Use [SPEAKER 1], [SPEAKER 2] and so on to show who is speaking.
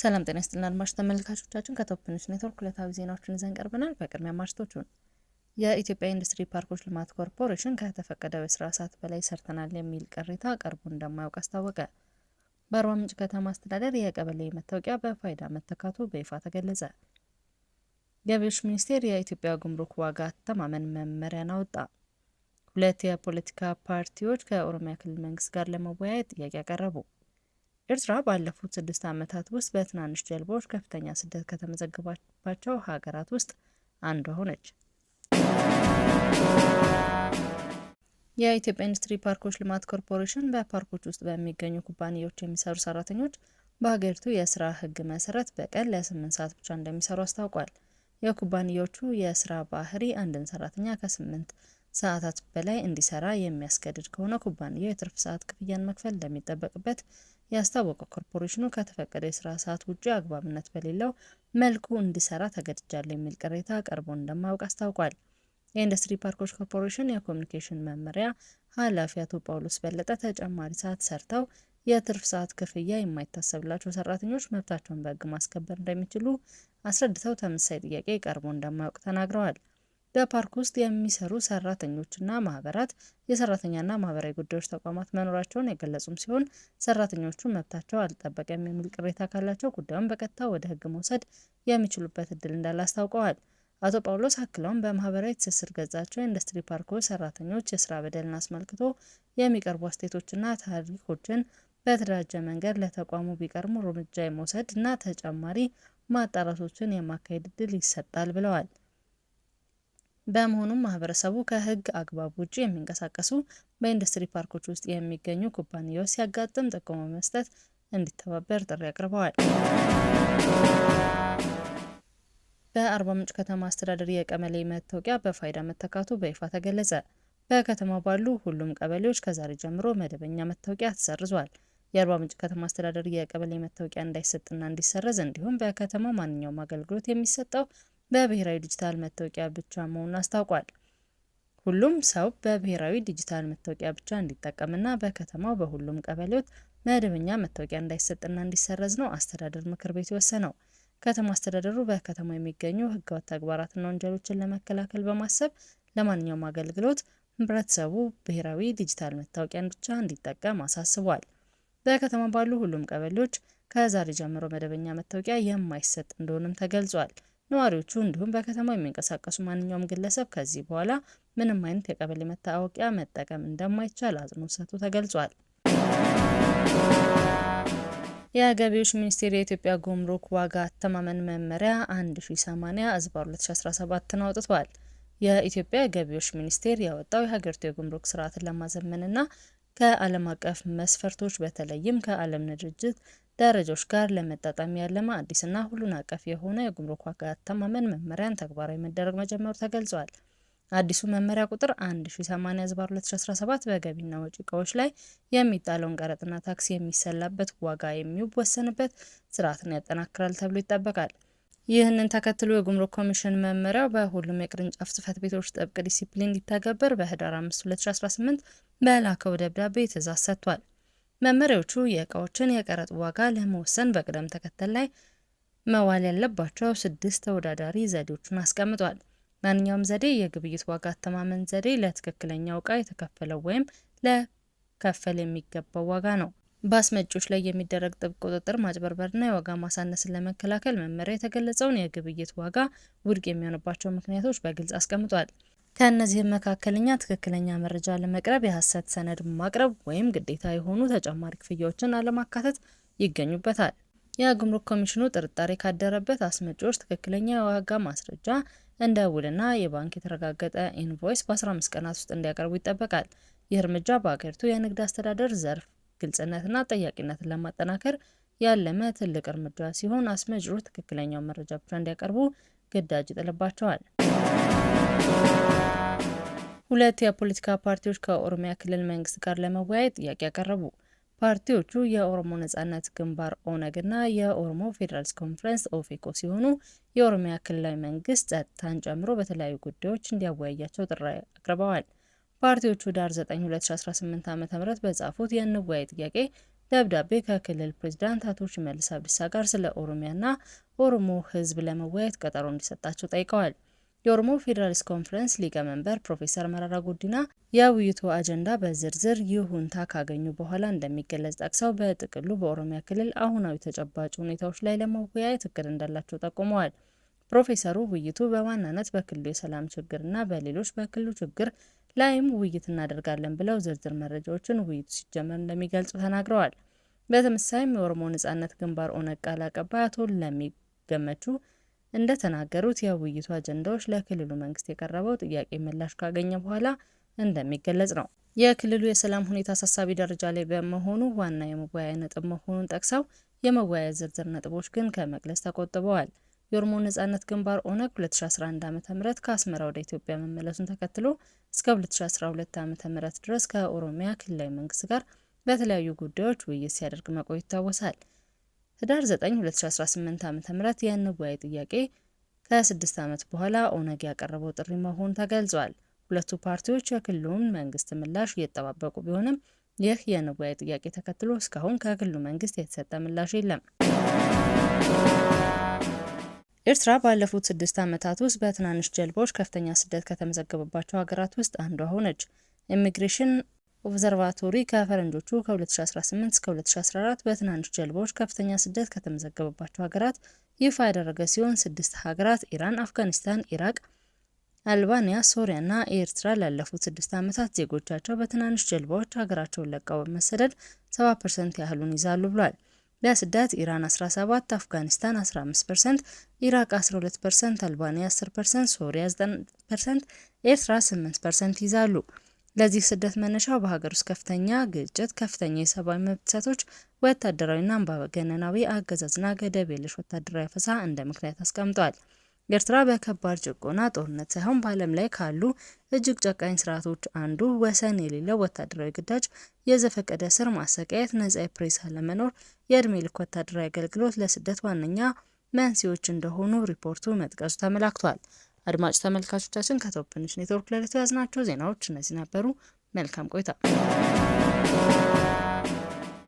[SPEAKER 1] ሰላም ጤና ይስጥልን አድማጭ ተመልካቾቻችን፣ ከቶፕ ኔትወርክ ሁለታዊ ዜናዎችን ይዘን ቀርበናል። በቅድሚያ ማርቶቹን የኢትዮጵያ ኢንዱስትሪ ፓርኮች ልማት ኮርፖሬሽን ከተፈቀደው የስራ ሰዓት በላይ ሰርተናል የሚል ቅሬታ ቀርቦ እንደማያውቅ አስታወቀ። በአርባ ምንጭ ከተማ አስተዳደር የቀበሌ መታወቂያ በፋይዳ መተካቱ በይፋ ተገለጸ። ገቢዎች ሚኒስቴር የኢትዮጵያ ጉምሩክ ዋጋ አተማመን መመሪያን አወጣ። ሁለት የፖለቲካ ፓርቲዎች ከኦሮሚያ ክልል መንግስት ጋር ለመወያየት ጥያቄ አቀረቡ። ኤርትራ ባለፉት ስድስት ዓመታት ውስጥ በትናንሽ ጀልባዎች ከፍተኛ ስደት ከተመዘገባባቸው ሀገራት ውስጥ አንዷ ሆነች። የኢትዮጵያ ኢንዱስትሪ ፓርኮች ልማት ኮርፖሬሽን በፓርኮች ውስጥ በሚገኙ ኩባንያዎች የሚሰሩ ሰራተኞች በሀገሪቱ የስራ ህግ መሰረት በቀን ለስምንት ሰዓት ብቻ እንደሚሰሩ አስታውቋል። የኩባንያዎቹ የስራ ባህሪ አንድን ሰራተኛ ከስምንት ሰዓታት በላይ እንዲሰራ የሚያስገድድ ከሆነ ኩባንያው የትርፍ ሰዓት ክፍያን መክፈል እንደሚጠበቅበት ያስታወቀው ኮርፖሬሽኑ ከተፈቀደ የስራ ሰዓት ውጪ አግባብነት በሌለው መልኩ እንዲሰራ ተገድጃለሁ የሚል ቅሬታ ቀርቦ እንደማያውቅ አስታውቋል። የኢንዱስትሪ ፓርኮች ኮርፖሬሽን የኮሚኒኬሽን መመሪያ ኃላፊ አቶ ጳውሎስ በለጠ ተጨማሪ ሰዓት ሰርተው የትርፍ ሰዓት ክፍያ የማይታሰብላቸው ሰራተኞች መብታቸውን በሕግ ማስከበር እንደሚችሉ አስረድተው ተመሳሳይ ጥያቄ ቀርቦ እንደማያውቅ ተናግረዋል። በፓርክ ውስጥ የሚሰሩ ሰራተኞችና ማህበራት የሰራተኛና ማህበራዊ ጉዳዮች ተቋማት መኖራቸውን የገለጹም ሲሆን ሰራተኞቹ መብታቸው አልጠበቀም የሚል ቅሬታ ካላቸው ጉዳዩን በቀጥታ ወደ ህግ መውሰድ የሚችሉበት እድል እንዳለ አስታውቀዋል። አቶ ጳውሎስ አክለውም በማህበራዊ ትስስር ገጻቸው የኢንዱስትሪ ፓርኮች ሰራተኞች የስራ በደልን አስመልክቶ የሚቀርቡ አስተያየቶችና ታሪኮችን በተደራጀ መንገድ ለተቋሙ ቢቀርሙ እርምጃ የመውሰድ እና ተጨማሪ ማጣራቶችን የማካሄድ እድል ይሰጣል ብለዋል። በመሆኑም ማህበረሰቡ ከህግ አግባብ ውጭ የሚንቀሳቀሱ በኢንዱስትሪ ፓርኮች ውስጥ የሚገኙ ኩባንያዎች ሲያጋጥም ጥቆማ በመስጠት እንዲተባበር ጥሪ አቅርበዋል። በአርባ ምንጭ ከተማ አስተዳደር የቀበሌ መታወቂያ በፋይዳ መተካቱ በይፋ ተገለጸ። በከተማው ባሉ ሁሉም ቀበሌዎች ከዛሬ ጀምሮ መደበኛ መታወቂያ ተሰርዟል። የአርባ ምንጭ ከተማ አስተዳደር የቀበሌ መታወቂያ እንዳይሰጥና እንዲሰረዝ እንዲሁም በከተማው ማንኛውም አገልግሎት የሚሰጠው በብሔራዊ ዲጂታል መታወቂያ ብቻ መሆኑን አስታውቋል። ሁሉም ሰው በብሔራዊ ዲጂታል መታወቂያ ብቻ እንዲጠቀምና በከተማው በሁሉም ቀበሌዎች መደበኛ መታወቂያ እንዳይሰጥና እንዲሰረዝ ነው አስተዳደር ምክር ቤት የወሰነው። ከተማ አስተዳደሩ በከተማው የሚገኙ ህገወጥ ተግባራትና ወንጀሎችን ለመከላከል በማሰብ ለማንኛውም አገልግሎት ህብረተሰቡ ብሔራዊ ዲጂታል መታወቂያን ብቻ እንዲጠቀም አሳስቧል። በከተማ ባሉ ሁሉም ቀበሌዎች ከዛሬ ጀምሮ መደበኛ መታወቂያ የማይሰጥ እንደሆነም ተገልጿል። ነዋሪዎቹ እንዲሁም በከተማው የሚንቀሳቀሱ ማንኛውም ግለሰብ ከዚህ በኋላ ምንም አይነት የቀበሌ መታወቂያ መጠቀም እንደማይቻል አጽንኦት ሰጥቶ ተገልጿል። የገቢዎች ሚኒስቴር የኢትዮጵያ ጉምሩክ ዋጋ አተማመን መመሪያ 1080 ህዝባ 2017ን አውጥቷል። የኢትዮጵያ ገቢዎች ሚኒስቴር ያወጣው የሀገሪቱ የጉምሩክ ስርዓትን ለማዘመንና ከዓለም አቀፍ መስፈርቶች በተለይም ከዓለም ንግድ ድርጅት ደረጃዎች ጋር ለመጣጣም ያለመ አዲስና ሁሉን አቀፍ የሆነ የጉምሩክ ዋጋ አተማመን መመሪያን ተግባራዊ መደረግ መጀመሩ ተገልጿል። አዲሱ መመሪያ ቁጥር 1080/2017 በገቢና ወጪ እቃዎች ላይ የሚጣለውን ቀረጥና ታክስ የሚሰላበት ዋጋ የሚወሰንበት ስርዓትን ያጠናክራል ተብሎ ይጠበቃል። ይህንን ተከትሎ የጉምሩክ ኮሚሽን መመሪያው በሁሉም የቅርንጫፍ ጽፈት ቤቶች ጥብቅ ዲሲፕሊን እንዲተገበር በህዳር 5/2018 በላከው ደብዳቤ ትእዛዝ ሰጥቷል። መመሪያዎቹ የእቃዎችን የቀረጥ ዋጋ ለመወሰን በቅደም ተከተል ላይ መዋል ያለባቸው ስድስት ተወዳዳሪ ዘዴዎችን አስቀምጧል። ማንኛውም ዘዴ የግብይት ዋጋ አተማመን ዘዴ ለትክክለኛው እቃ የተከፈለው ወይም ለከፈል የሚገባው ዋጋ ነው። በአስመጪዎች ላይ የሚደረግ ጥብቅ ቁጥጥር ማጭበርበርና የዋጋ ማሳነስን ለመከላከል መመሪያ የተገለጸውን የግብይት ዋጋ ውድቅ የሚሆንባቸው ምክንያቶች በግልጽ አስቀምጧል። ከእነዚህም መካከለኛ ትክክለኛ መረጃ ለመቅረብ የሐሰት ሰነድ ማቅረብ ወይም ግዴታ የሆኑ ተጨማሪ ክፍያዎችን አለማካተት ይገኙበታል። የጉምሩክ ኮሚሽኑ ጥርጣሬ ካደረበት አስመጪዎች ትክክለኛ የዋጋ ማስረጃ እንደ ውልና የባንክ የተረጋገጠ ኢንቮይስ በ15 ቀናት ውስጥ እንዲያቀርቡ ይጠበቃል። ይህ እርምጃ በአገሪቱ የንግድ አስተዳደር ዘርፍ ግልጽነትና ጠያቂነትን ለማጠናከር ያለመ ትልቅ እርምጃ ሲሆን አስመጪዎች ትክክለኛው መረጃ ብቻ እንዲያቀርቡ ግዳጅ ይጥልባቸዋል። ሁለት የፖለቲካ ፓርቲዎች ከኦሮሚያ ክልል መንግስት ጋር ለመወያየት ጥያቄ ያቀረቡ። ፓርቲዎቹ የኦሮሞ ነጻነት ግንባር ኦነግና የኦሮሞ ፌዴራልስ ኮንፈረንስ ኦፌኮ ሲሆኑ የኦሮሚያ ክልላዊ መንግስት ጸጥታን ጨምሮ በተለያዩ ጉዳዮች እንዲያወያያቸው ጥሪ አቅርበዋል። ፓርቲዎቹ ዳር 9 2018 ዓ ም በጻፉት የእንወያይ ጥያቄ ደብዳቤ ከክልል ፕሬዚዳንት አቶ ሽመልስ አብዲሳ ጋር ስለ ኦሮሚያና ኦሮሞ ህዝብ ለመወያየት ቀጠሮ እንዲሰጣቸው ጠይቀዋል። የኦሮሞ ፌዴራሊስት ኮንፈረንስ ሊቀመንበር ፕሮፌሰር መረራ ጉዲና የውይይቱ አጀንዳ በዝርዝር ይሁንታ ካገኙ በኋላ እንደሚገለጽ ጠቅሰው በጥቅሉ በኦሮሚያ ክልል አሁናዊ ተጨባጭ ሁኔታዎች ላይ ለመወያየት እቅድ እንዳላቸው ጠቁመዋል። ፕሮፌሰሩ ውይይቱ በዋናነት በክልሉ የሰላም ችግርና በሌሎች በክልሉ ችግር ላይም ውይይት እናደርጋለን ብለው ዝርዝር መረጃዎችን ውይይቱ ሲጀመር እንደሚገልጹ ተናግረዋል። በተመሳሳይም የኦሮሞ ነጻነት ግንባር ኦነግ ቃል አቀባይ አቶ ለሚ ገመቹ እንደተናገሩት የውይይቱ አጀንዳዎች ለክልሉ መንግስት የቀረበው ጥያቄ ምላሽ ካገኘ በኋላ እንደሚገለጽ ነው። የክልሉ የሰላም ሁኔታ አሳሳቢ ደረጃ ላይ በመሆኑ ዋና የመወያያ ነጥብ መሆኑን ጠቅሰው የመወያያ ዝርዝር ነጥቦች ግን ከመግለጽ ተቆጥበዋል። የኦሮሞ ነጻነት ግንባር ኦነግ 2011 ዓ.ም ከአስመራ ወደ ኢትዮጵያ መመለሱን ተከትሎ እስከ 2012 ዓ.ም ድረስ ከኦሮሚያ ክልላዊ መንግስት ጋር በተለያዩ ጉዳዮች ውይይት ሲያደርግ መቆየት ይታወሳል። ህዳር 9 2018 ዓ ም የእንወያይ ጥያቄ ከስድስት ዓመት በኋላ ኦነግ ያቀረበው ጥሪ መሆኑ ተገልጿል። ሁለቱ ፓርቲዎች የክልሉን መንግስት ምላሽ እየተጠባበቁ ቢሆንም ይህ የእንወያይ ጥያቄ ተከትሎ እስካሁን ከክልሉ መንግስት የተሰጠ ምላሽ የለም። ኤርትራ ባለፉት ስድስት ዓመታት ውስጥ በትናንሽ ጀልባዎች ከፍተኛ ስደት ከተመዘገበባቸው ሀገራት ውስጥ አንዷ ሆነች። ኢሚግሬሽን ኦብዘርቫቶሪ ከፈረንጆቹ ከ2018 እስከ 2014 በትናንሽ ጀልባዎች ከፍተኛ ስደት ከተመዘገበባቸው ሀገራት ይፋ ያደረገ ሲሆን ስድስት ሀገራት ኢራን፣ አፍጋኒስታን፣ ኢራቅ፣ አልባንያ፣ ሶሪያ እና ኤርትራ ላለፉት ስድስት ዓመታት ዜጎቻቸው በትናንሽ ጀልባዎች ሀገራቸውን ለቀው በመሰደድ 70 ፐርሰንት ያህሉን ይዛሉ ብሏል። በስደት ኢራን 17፣ አፍጋኒስታን 15 ኢራቅ 12 አልባንያ 10 ሶሪያ 9 ኤርትራ 8 ፐርሰንት ይዛሉ። ለዚህ ስደት መነሻው በሀገር ውስጥ ከፍተኛ ግጭት፣ ከፍተኛ የሰብአዊ መብት ጥሰቶች፣ ወታደራዊና አምባገነናዊ አገዛዝና ገደብ የለሽ ወታደራዊ አፈሳ እንደ ምክንያት አስቀምጧል። ኤርትራ በከባድ ጭቆና፣ ጦርነት ሳይሆን በዓለም ላይ ካሉ እጅግ ጨቃኝ ስርዓቶች አንዱ ወሰን የሌለው ወታደራዊ ግዳጅ፣ የዘፈቀደ ስር ማሰቃየት፣ ነጻ የፕሬስ አለመኖር፣ የእድሜ ልክ ወታደራዊ አገልግሎት ለስደት ዋነኛ መንስኤዎች እንደሆኑ ሪፖርቱ መጥቀሱ ተመላክቷል። አድማጭ ተመልካቾቻችን ከቶፕንሽ ኔትወርክ ለዕለቱ ያዝናቸው ዜናዎች እነዚህ ነበሩ። መልካም ቆይታ